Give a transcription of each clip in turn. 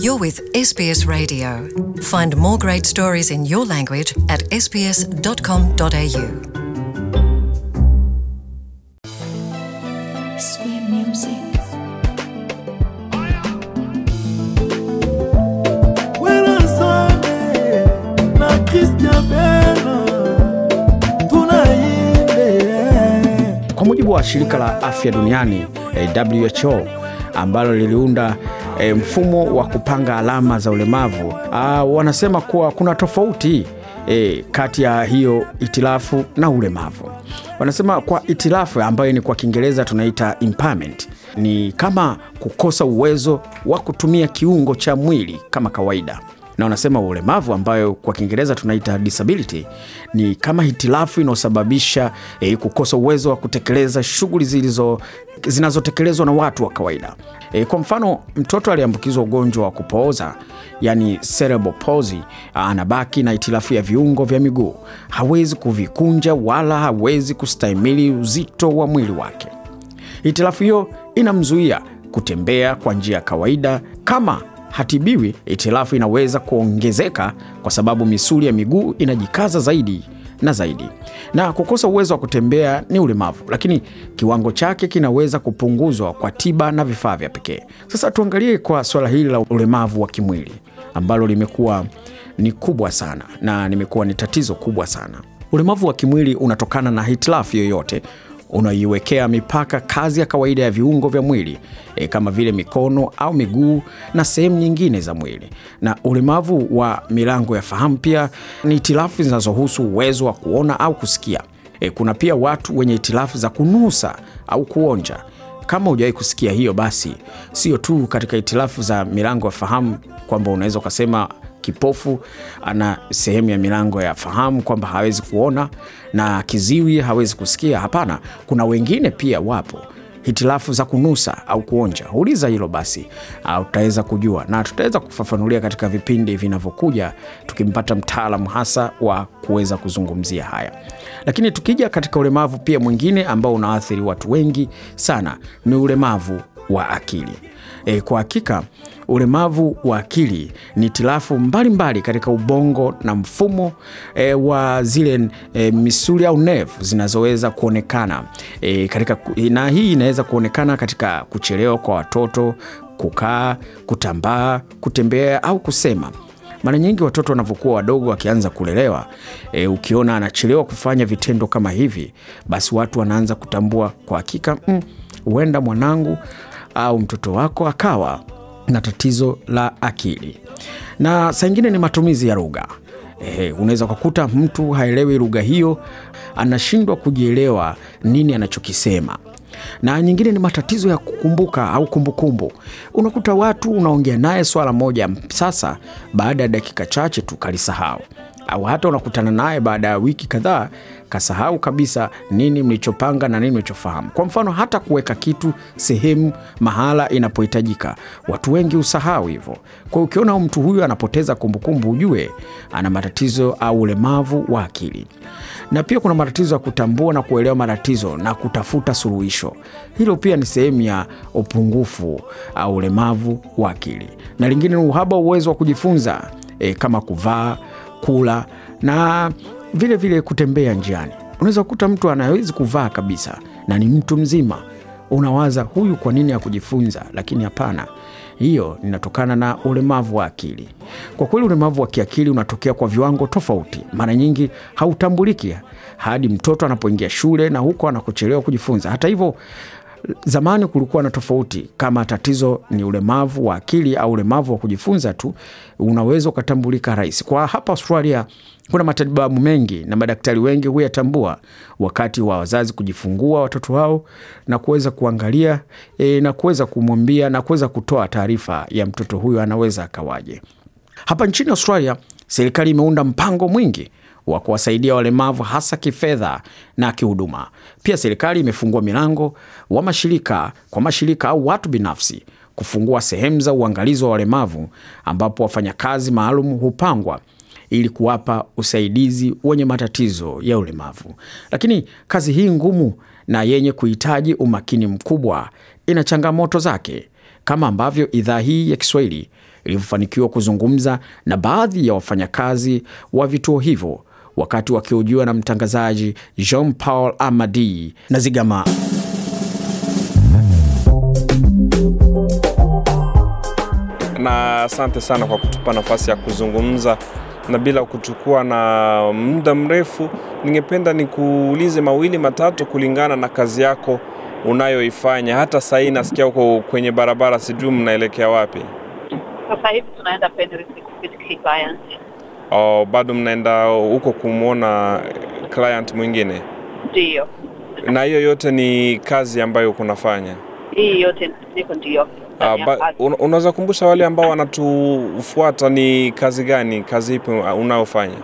You're with SBS Radio. Find more great stories in your language at sbs.com.au. Sweet kwa mujibu wa shirika la afya duniani eh, WHO ambalo liliunda e, mfumo wa kupanga alama za ulemavu. A, wanasema kuwa kuna tofauti e, kati ya hiyo itilafu na ulemavu. Wanasema kwa itilafu ambayo ni kwa Kiingereza tunaita impairment ni kama kukosa uwezo wa kutumia kiungo cha mwili kama kawaida na wanasema ulemavu ambayo kwa Kiingereza tunaita disability ni kama hitilafu inayosababisha eh, kukosa uwezo wa kutekeleza shughuli zilizo zinazotekelezwa na watu wa kawaida. E, kwa mfano mtoto aliambukizwa ugonjwa wa kupooza yani cerebral palsy anabaki na itilafu ya viungo vya miguu, hawezi kuvikunja wala hawezi kustahimili uzito wa mwili wake. Itilafu hiyo inamzuia kutembea kwa njia ya kawaida. Kama hatibiwi, itilafu inaweza kuongezeka kwa sababu misuli ya miguu inajikaza zaidi na zaidi. Na kukosa uwezo wa kutembea ni ulemavu, lakini kiwango chake kinaweza kupunguzwa kwa tiba na vifaa vya pekee. Sasa tuangalie kwa suala hili la ulemavu wa kimwili ambalo limekuwa ni kubwa sana na limekuwa ni tatizo kubwa sana. Ulemavu wa kimwili unatokana na hitilafu yoyote unaoiwekea mipaka kazi ya kawaida ya viungo vya mwili e, kama vile mikono au miguu na sehemu nyingine za mwili. Na ulemavu wa milango ya fahamu pia ni itilafu zinazohusu uwezo wa kuona au kusikia. E, kuna pia watu wenye itilafu za kunusa au kuonja. Kama hujawahi kusikia hiyo, basi sio tu katika itilafu za milango ya fahamu kwamba unaweza ukasema kipofu ana sehemu ya milango ya fahamu kwamba hawezi kuona, na kiziwi hawezi kusikia. Hapana, kuna wengine pia wapo hitilafu za kunusa au kuonja. Uliza hilo basi, utaweza kujua na tutaweza kufafanulia katika vipindi vinavyokuja, tukimpata mtaalamu hasa wa kuweza kuzungumzia haya. Lakini tukija katika ulemavu pia mwingine ambao unaathiri watu wengi sana ni ulemavu wa akili. E, kwa hakika ulemavu wa akili ni tilafu mbalimbali katika ubongo na mfumo e, wa zile e, misuli au nevu zinazoweza kuonekana e, katika, na hii inaweza kuonekana katika kuchelewa kwa watoto, kukaa, kutambaa, kutembea au kusema. Mara nyingi watoto wanavyokuwa wadogo wakianza kulelewa e, ukiona anachelewa kufanya vitendo kama hivi, basi watu wanaanza kutambua kwa hakika, mm, huenda mm, mwanangu au mtoto wako akawa na tatizo la akili, na saa ingine ni matumizi ya lugha. Ehe, unaweza kukuta mtu haelewi lugha hiyo, anashindwa kujielewa nini anachokisema. Na nyingine ni matatizo ya kukumbuka au kumbukumbu. Unakuta watu unaongea naye swala moja, sasa baada ya dakika chache tu kalisahau au hata unakutana naye baada ya wiki kadhaa, kasahau kabisa nini mlichopanga na nini mlichofahamu. Kwa mfano, hata kuweka kitu sehemu mahala inapohitajika, watu wengi husahau hivyo. Kwa hiyo ukiona mtu huyu anapoteza kumbukumbu, ujue ana matatizo au ulemavu wa akili. Na pia kuna matatizo ya kutambua na kuelewa matatizo na kutafuta suluhisho, hilo pia ni sehemu ya upungufu au ulemavu wa akili. Na lingine ni uhaba uwezo wa kujifunza e, kama kuvaa kula na vile vile kutembea njiani. Unaweza kukuta mtu anawezi kuvaa kabisa na ni mtu mzima, unawaza huyu kwa nini ya kujifunza Lakini hapana, hiyo inatokana na ulemavu wa akili. Kwa kweli, ulemavu wa kiakili unatokea kwa viwango tofauti, mara nyingi hautambuliki hadi mtoto anapoingia shule na huko anakochelewa kujifunza. Hata hivyo Zamani kulikuwa na tofauti, kama tatizo ni ulemavu wa akili au ulemavu wa kujifunza tu, unaweza ukatambulika rahisi. Kwa hapa Australia kuna matibabu mengi na madaktari wengi huyatambua wakati wa wazazi kujifungua watoto wao na kuweza kuangalia e, na kuweza kumwambia na kuweza kutoa taarifa ya mtoto huyo anaweza akawaje. Hapa nchini Australia serikali imeunda mpango mwingi wa kuwasaidia walemavu hasa kifedha na kihuduma. Pia serikali imefungua milango wa mashirika kwa mashirika au watu binafsi kufungua sehemu za uangalizi wa walemavu ambapo wafanyakazi maalum hupangwa ili kuwapa usaidizi wenye matatizo ya ulemavu. Lakini kazi hii ngumu na yenye kuhitaji umakini mkubwa ina changamoto zake, kama ambavyo idhaa hii ya Kiswahili ilivyofanikiwa kuzungumza na baadhi ya wafanyakazi wa vituo hivyo wakati wakihojiwa na mtangazaji Jean Paul Amadi na Zigama. Na asante sana kwa kutupa nafasi ya kuzungumza na bila kuchukua na muda mrefu, ningependa nikuulize mawili matatu kulingana na kazi yako unayoifanya. Hata saa hii nasikia uko kwenye barabara, sijui mnaelekea wapi? Sasa hivi tunaenda katika au oh, bado mnaenda huko kumwona client mwingine? Ndio. Na hiyo yote ni kazi ambayo kunafanya? Hii yote niko ndiyo. Ah, Unaweza kumbusha wale ambao wanatufuata ni kazi gani, kazi ipi ah, unayofanya?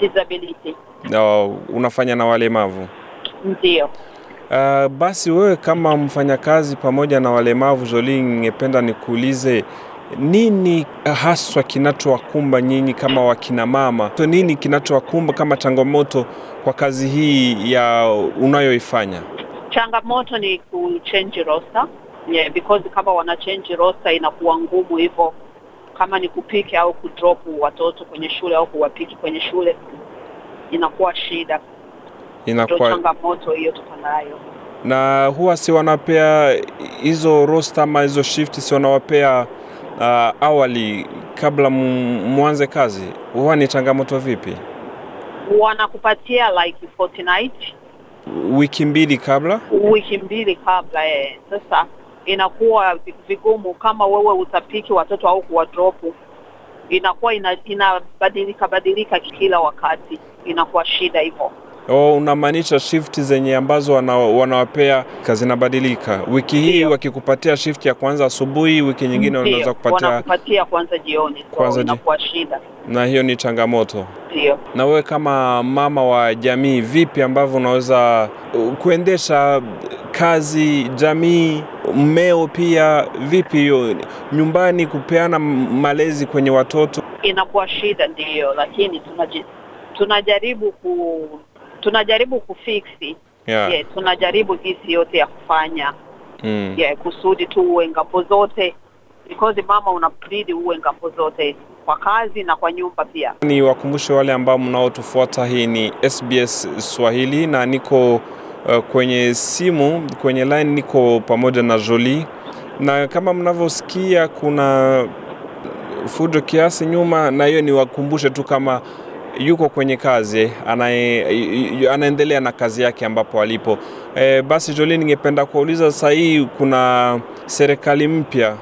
Disability. Uh, unafanya na walemavu? Ndio. Uh, basi wewe kama mfanyakazi pamoja na walemavu Jolie, ningependa nikuulize nini eh, haswa kinachowakumba nyinyi kama wakinamama? So, nini kinachowakumba kama changamoto kwa kazi hii ya unayoifanya? Changamoto ni kuchange rosa, Yeah, because kama wana change rosa inakuwa ngumu hivyo, kama ni kupiki au kudrop watoto kwenye shule au kuwapiki kwenye shule inakuwa shida, inakuwa changamoto hiyo tuko nayo na huwa si wanapea hizo roster ama hizo shift, si wanawapea uh, awali kabla mwanze kazi huwa ni changamoto vipi? Wanakupatia like fortnight, wiki mbili kabla, wiki mbili kabla eh. Sasa inakuwa vigumu kama wewe utapiki watoto au kuwadropu, inakuwa inabadilika ina badilika badilika kila wakati, inakuwa shida hivyo unamaanisha shifti zenye ambazo wana, wanawapea zinabadilika. Wiki hii wakikupatia shifti ya kwanza asubuhi, wiki nyingine wanaweza kupatia wanakupatia kwanza jioni, kwanza inakuwa shida, na hiyo ni changamoto. Ndio. Na wewe kama mama wa jamii, vipi ambavyo unaweza kuendesha kazi jamii mmeo pia vipi hiyo nyumbani kupeana malezi kwenye watoto inakuwa shida, ndiyo, lakini tunajaribu ku tunajaribu kufix yeah. Yeah, tunajaribu jinsi yote ya kufanya mm. yeah, kusudi tu uwe ngambo zote because mama unabidi uwe ngambo zote kwa kazi na kwa nyumba pia. Ni wakumbushe wale ambao mnaotufuata, hii ni SBS Swahili na niko uh, kwenye simu kwenye line, niko pamoja na joli na kama mnavyosikia kuna fujo kiasi nyuma, na hiyo ni wakumbushe tu kama yuko kwenye kazi anaendelea na kazi yake ambapo alipo. E, basi Jolie, ningependa kuuliza sasa hii kuna serikali mpya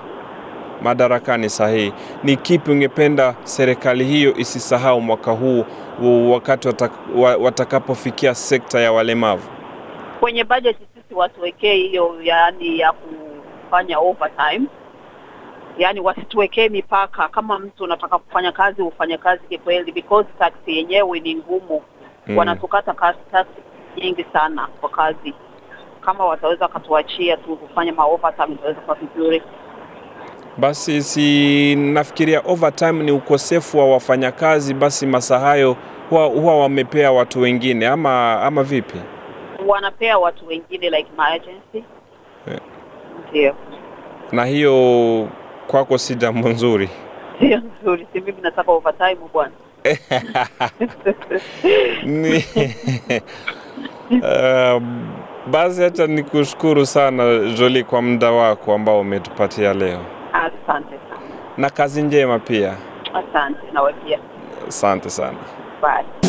madarakani sahihi, ni kipi ungependa serikali hiyo isisahau mwaka huu wakati watakapofikia sekta ya walemavu? Kwenye bajeti sisi watuwekee hiyo, yaani ya kufanya overtime yani wasituwekee mipaka. Kama mtu unataka kufanya kazi ufanye kazi kikweli, because tax yenyewe ni ngumu mm. Wanatukata tax nyingi sana kwa kazi. Kama wataweza wakatuachia tu kufanya ma overtime itaweza kuwa vizuri. Basi si nafikiria overtime ni ukosefu wa wafanyakazi, basi masaa hayo huwa, huwa wamepea watu wengine ama ama vipi? Wanapea watu wengine like my agency yeah. Ndio na hiyo kwako si jambo nzuri. Sio nzuri, si mimi nataka overtime bwana. ni uh, eh, basi hata nikushukuru sana Jolie kwa muda wako ambao umetupatia leo. Asante sana. Na kazi njema pia. Asante na wewe pia. Asante sana. Bye.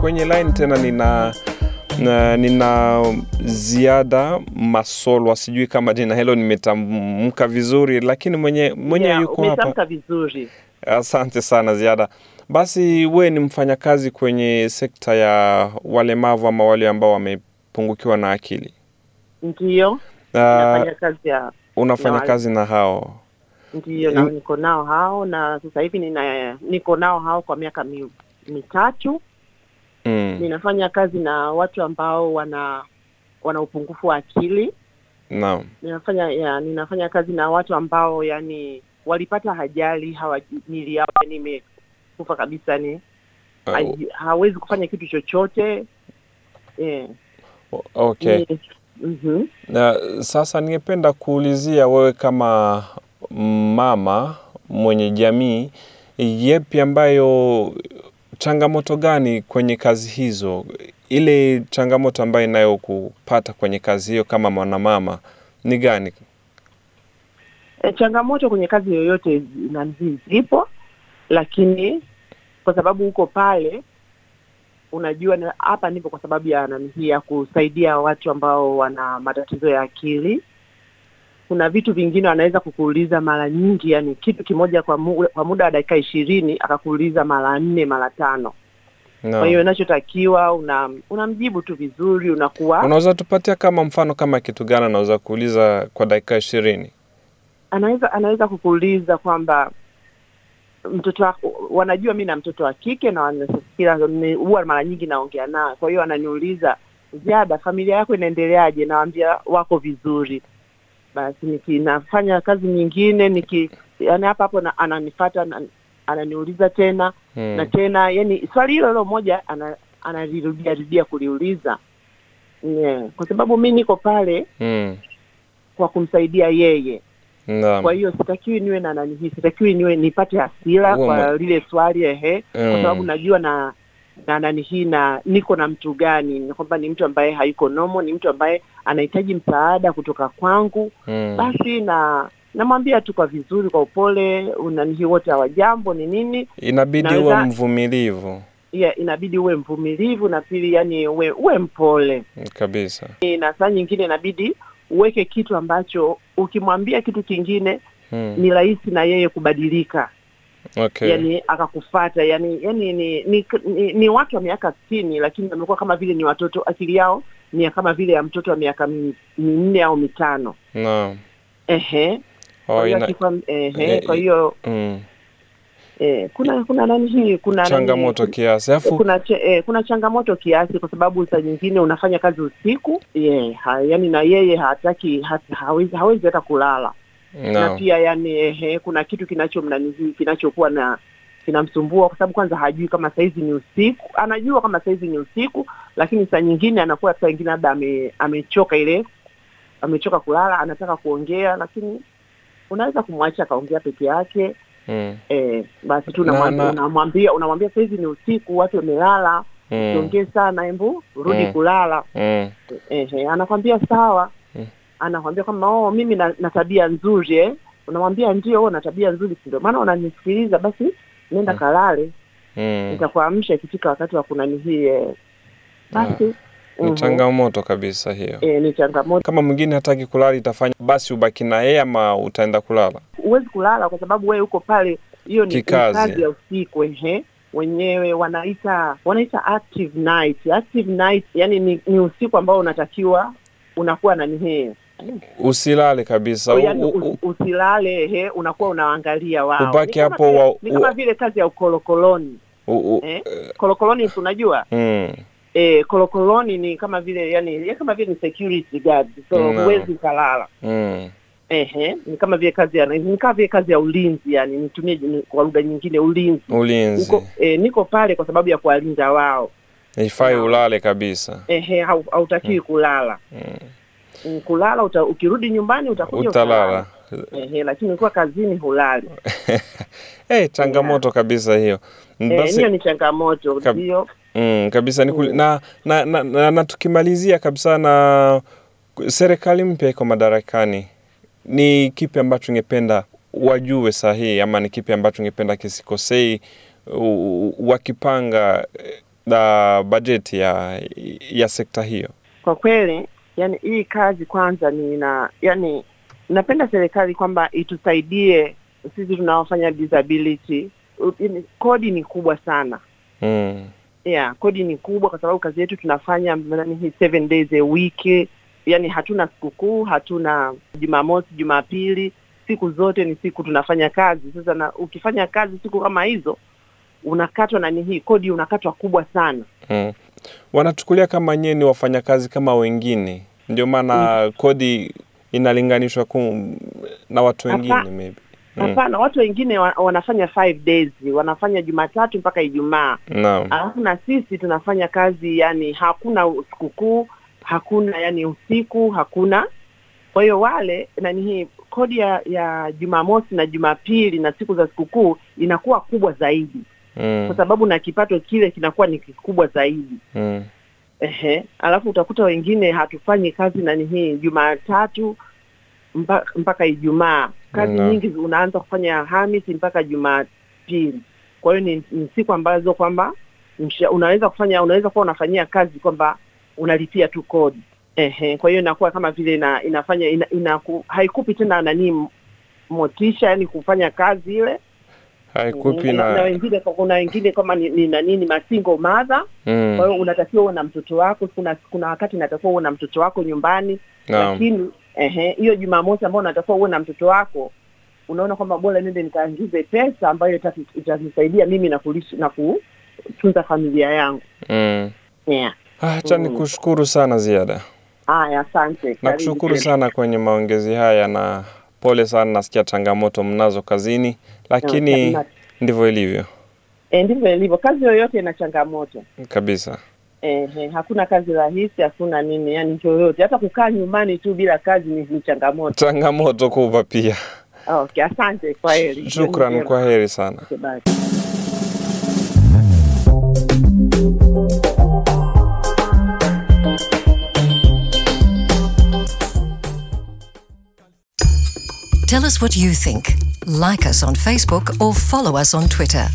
Kwenye line tena nina na nina ziada Masolwa, sijui kama jina hilo nimetamka vizuri, lakini mwenye, mwenye yeah, yuko hapa vizuri. Asante sana Ziada. Basi we ni mfanyakazi kwenye sekta ya walemavu ama wale ambao wamepungukiwa na akili? ndio Uh, unafanya na kazi na hao? ndio na niko nao hao, na sasa hivi niko nao hao kwa miaka mitatu mm. ninafanya kazi na watu ambao wana wana upungufu wa akili no. ninafanya ya, ninafanya kazi na watu ambao yani walipata ajali hawamili yao yani imekufa kabisa ni oh. hawezi kufanya kitu chochote yeah. okay yeah. Mm-hmm. Na sasa ningependa kuulizia wewe kama mama mwenye jamii, yepi ambayo Changamoto gani kwenye kazi hizo? Ile changamoto ambayo inayo kupata kwenye kazi hiyo kama mwanamama ni gani? E, changamoto kwenye kazi yoyote nanzi zipo, lakini kwa sababu huko pale unajua hapa nipo kwa sababu ya nanihii ya kusaidia watu ambao wana matatizo ya akili kuna vitu vingine anaweza kukuuliza mara nyingi, yani kitu kimoja kwa, mu, kwa muda wa dakika ishirini akakuuliza mara nne mara tano no. Kwa hiyo inachotakiwa una unamjibu tu vizuri, unakuwa unaweza tupatia kama mfano kama kitu gani anaweza kuuliza kwa dakika ishirini? Anaweza anaweza kukuuliza kwamba mtoto wanajua mi na mtoto wa kike na wanasikia, huwa mara nyingi naongea nao kwa hiyo ananiuliza Ziada, familia yako inaendeleaje? Nawambia wako vizuri basi nikinafanya kazi nyingine niki yani hapa hapo ananifata ananiuliza tena hmm. na tena yani swali hilo hilo moja ana, analirudia rudia kuliuliza yeah. kwa sababu mi niko pale hmm. kwa kumsaidia yeye Ndam. Kwa hiyo sitakiwi niwe na nani, sitakiwi niwe nipate hasira kwa lile swali ehe, kwa hmm. sababu najua na na nani hii na niko na mtu gani, ni kwamba ni mtu ambaye hayuko nomo, ni mtu ambaye anahitaji msaada kutoka kwangu mm. Basi na namwambia tu kwa vizuri, kwa upole, unanihi wote hawajambo ni nini, inabidi uwe mvumilivu yeah, inabidi uwe mvumilivu na pili, yani uwe, uwe mpole kabisa, na saa nyingine inabidi uweke kitu ambacho ukimwambia kitu kingine hmm. ni rahisi na yeye kubadilika okay. yani akakufata yani yani ni ni, ni, ni watu wa miaka sitini lakini wamekuwa kama vile ni watoto akili yao ni kama vile ya mtoto wa miaka minne au mitano no. ehe oh, kwa, hiyo eh, eh, mm. eh, kuna kuna nani hii kuna changamoto nani, kiasi afu kuna ch eh, kuna changamoto kiasi kwa sababu saa nyingine unafanya kazi usiku yeah, ha, yani na yeye hataki hawezi hata kulala no. na pia yani ehe, kuna kitu kinachomnanizi kinachokuwa na kinamsumbua kwa sababu kwanza hajui kama sahizi ni usiku, anajua kama sahizi ni usiku, lakini saa nyingine anakuwa saa nyingine labda ame, amechoka ile amechoka kulala, anataka kuongea, lakini unaweza kumwacha akaongea peke yake hmm. e, basi tu unamwambia unamwambia saizi ni usiku, watu wamelala, hmm. usiongee mm. sana, embu rudi hmm. kulala hmm. e, anakwambia sawa anakwambia kwamba oh, mimi na, na tabia nzuri eh? Unamwambia ndio, una oh, tabia nzuri, si ndio maana unanisikiliza? Basi nenda mm. kalale mm. nitakuamsha ikifika wakati wa hii eh. Ah. Basi yeah. Ni mhm. changamoto kabisa hiyo. E, ni changamoto. Kama mwingine hataki kulala itafanya basi ubaki na yeye ama utaenda kulala? Huwezi kulala kwa sababu wewe uko pale, hiyo ni kazi ya usiku ehe. Wenyewe wanaita wanaita active night. Active night yani ni, ni usiku ambao unatakiwa unakuwa na nihee usilale kabisa o, oh, yani, u, u, usilale he, unakuwa unaangalia wao, ubaki hapo wa, ni kama vile kazi ya ukolokoloni u, eh? Kolokoloni tunajua mm. Eh, kolokoloni ni kama vile yani, ya kama vile ni security guard, so huwezi mm. ukalala mm. Ehe, ni kama vile kazi ya ni kama vile kazi ya ulinzi yani, nitumie kwa lugha nyingine ulinzi, ulinzi. Niko, eh, niko pale kwa sababu ya kuwalinda wao, ifai ulale kabisa. Ehe, hautakiwi hau hmm. kulala mm kulala uta, ukirudi nyumbani utakuja utalala ehe, lakini ukiwa kazini hulali hey, eh, changamoto yeah. kabisa hiyo eh, basi hiyo ni changamoto kab... ndio mm, kabisa ni kuli... mm. na, na, na, na, na tukimalizia kabisa na serikali mpya iko madarakani ni kipi ambacho ungependa wajue sahihi ama ni kipi ambacho ungependa kisikosei wakipanga uh, eh, bajeti ya, ya sekta hiyo? Kwa kweli yani hii kazi kwanza ni na yani napenda serikali kwamba itusaidie sisi tunaofanya disability. Kodi ni kubwa sana mm. Yeah, kodi ni kubwa kwa sababu kazi yetu tunafanya nani, seven days a week, yani hatuna sikukuu, hatuna Jumamosi, Jumapili, siku zote ni siku tunafanya kazi. Sasa na ukifanya kazi siku kama hizo unakatwa nani hii kodi unakatwa kubwa sana mm wanachukulia kama nyie ni wafanyakazi kama wengine, ndio maana mm. kodi inalinganishwa na watu wengine maybe mm. Hapana, mm. watu wengine wanafanya five days, wanafanya Jumatatu mpaka Ijumaa. Naam. Alafu na sisi tunafanya kazi, yani hakuna sikukuu, hakuna yani usiku, hakuna. Kwa hiyo wale nani hii kodi ya, ya Jumamosi na Jumapili na siku za sikukuu inakuwa kubwa zaidi mm. kwa sababu na kipato kile kinakuwa ni kikubwa zaidi mm. Ehe, alafu utakuta wengine hatufanyi kazi nani hii Jumatatu mpaka, mpaka Ijumaa kazi no. Mm. nyingi unaanza kufanya Hamisi mpaka Jumapili. Kwa hiyo ni, ni siku ambazo kwamba unaweza kufanya unaweza kuwa unafanyia kazi kwamba unalipia tu kodi. Ehe, kwa hiyo inakuwa kama vile ina, inafanya ina, ina, haikupi tena nanii motisha, yani kufanya kazi ile haikupi na, na wengine kuna wengine kama ni, ni, masingo madha mm. kwa hiyo unatakiwa uwe na mtoto wako. Kuna kuna wakati unatakiwa uwe na mtoto wako nyumbani no. Lakini ehe, hiyo Jumamosi ambayo unatakiwa uwe na mtoto wako, unaona kwamba bora nende nikaingize pesa ambayo itanisaidia mimi na kulishi na kutunza familia yangu mm. yeah. Acha mm. kushukuru sana ziada. Haya, asante. Nakushukuru sana kwenye maongezi haya na pole sana, nasikia changamoto mnazo kazini, lakini no, ndivyo ilivyo. E, ndivyo ilivyo, kazi yoyote ina changamoto kabisa. Ehe, hakuna kazi rahisi, hakuna nini, yani yoyote, hata kukaa nyumbani tu bila kazi ni, changamoto, changamoto kubwa pia. Okay, asante, kwa heri. Shukran, kwa heri sana. Okay, Tell us what you think. Like us on Facebook or follow us on Twitter.